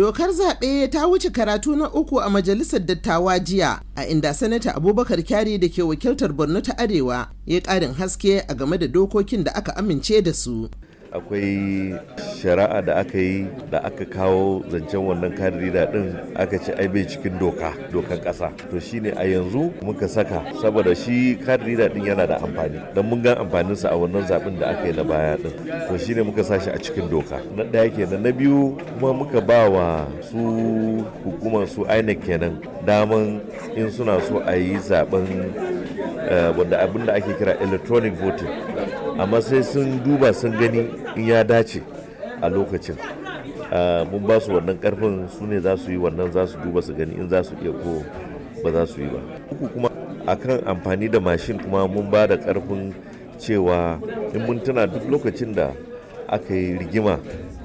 Dokar zaɓe ta wuce karatu na uku a Majalisar Dattawa jiya, a inda Sanata Abubakar Kyari da ke wakiltar Borno ta Arewa ya ƙarin haske a game da dokokin da aka amince da su. akwai shari'a da aka yi da aka kawo zancen wannan da din aka ce ai bai cikin doka dokan kasa to shine a yanzu muka saka saboda shi da din yana da amfani don mun ga amfaninsa a wannan zaɓin da aka yi na baya din to shine muka sashi a cikin doka na ɗaya kenan na biyu kuma muka ba wa su hukumar su INEC kenan daman in suna so a yi zaben eh, wanda abin da ake kira electronic voting amma sai sun duba sun gani in ya dace a lokacin ah, mun ba su wannan karfin su ne za su yi wannan za su duba su gani in za su iya ko ba za su yi ba uku kuma akan amfani da mashin kuma mun ba da karfin cewa in mun tuna duk lokacin da aka yi rigima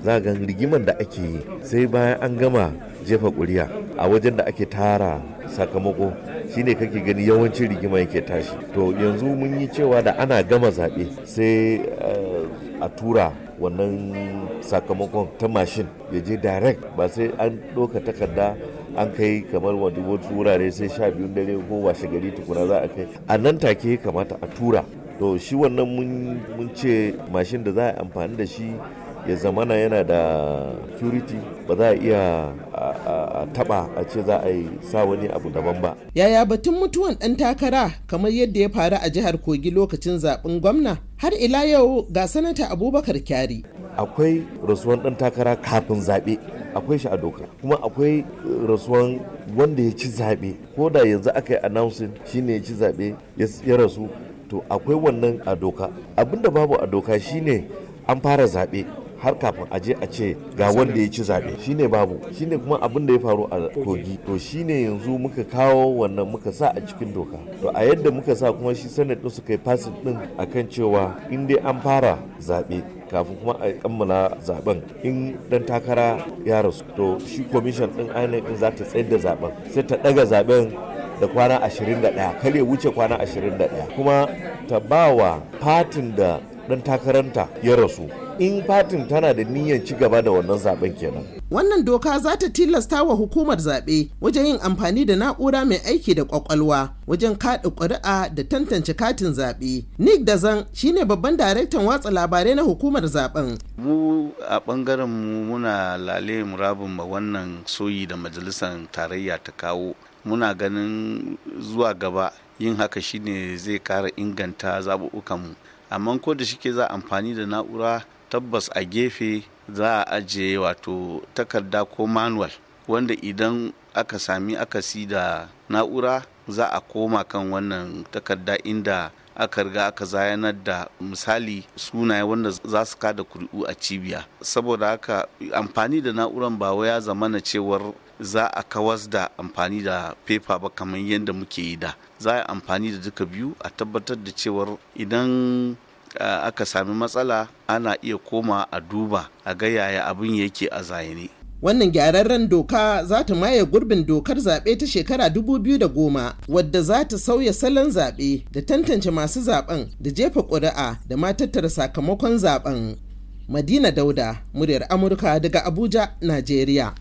za a ga rigiman da ake yi sai bayan an gama jefa kuriya a wajen da ake tara sakamako shine kake gani yawancin rigima yake tashi to yanzu mun yi cewa da ana gama zaɓe sai ah, a tura wannan sakamakon ta mashin ya je direct ba sai an ɗauka takarda an kai kamar wani wasu wurare sai sha biyun dare ko washe gari tukuna za a kai a nan take kamata a tura to shi wannan mun ce mashin da za a amfani da shi ya zamana yana da security ba za a iya a taba a ce za a yi sa wani abu daban ba. Yaya batun mutuwan ɗan takara kamar yadda ya faru a jihar Kogi lokacin zaben gwamna har ila yau ga sanata Abubakar Kyari. Akwai rasuwan ɗan takara kafin zaɓe akwai shi a doka kuma akwai rasuwan wanda ya ci zaɓe ko da yanzu aka yi announcing ne ya ci zaɓe ya rasu to akwai wannan a doka abinda babu a doka shine an fara zaɓe har kafin a je a ce ga wanda ya ci zaɓe shine babu shine kuma abin da ya faru a kogi to shine yanzu muka kawo wannan muka sa a cikin doka to a yadda muka sa kuma shi sanad din suka yi fasin din akan cewa in dai an fara zaɓe kafin kuma a kammala zaben in dan takara ya rasu to shi komishin din ainihin zata za ta tsayar da zaben sai ta daga zaben da kwana 21 kare wuce kwana 21 kuma ta ba wa fatin da dan takaranta ya rasu in fatin tana da niyyar ci gaba da wannan zaben kenan. Wannan doka za ta tilasta wa hukumar zaɓe wajen yin amfani da na'ura mai aiki da ƙwaƙwalwa wajen kaɗa ƙuri'a da tantance katin zaɓe. Nick Dazan shine babban daraktan watsa labarai na hukumar zaben. Mu a ɓangaren mu muna lale murabin ma wannan soyi da majalisar tarayya ta kawo. Muna ganin zuwa gaba yin haka shine zai ƙara inganta mu amma ko da shike za amfani da na'ura tabbas a gefe za a ajiye wato takarda ko manual wanda idan aka sami akasi da na'ura za a koma kan wannan takarda inda aka riga aka zayanar da misali sunaye wanda za su kada kuri'u a cibiya saboda haka amfani da na'uran ba ya zamana cewar za a kawas da amfani da pepa ba kamar yadda muke yi da za a yi amfani da duka biyu a tabbatar da cewar idan aka sami matsala ana iya koma a duba a ga yaya abin yake a zane. Wannan gyararren doka za ta maye gurbin dokar zaɓe ta shekara 2010 wadda za ta sauya salon zaɓe da tantance masu zaɓen da jefa ƙuri'a da ma tattara sakamakon zaɓen. Madina Dauda, muryar Amurka daga Abuja, Najeriya.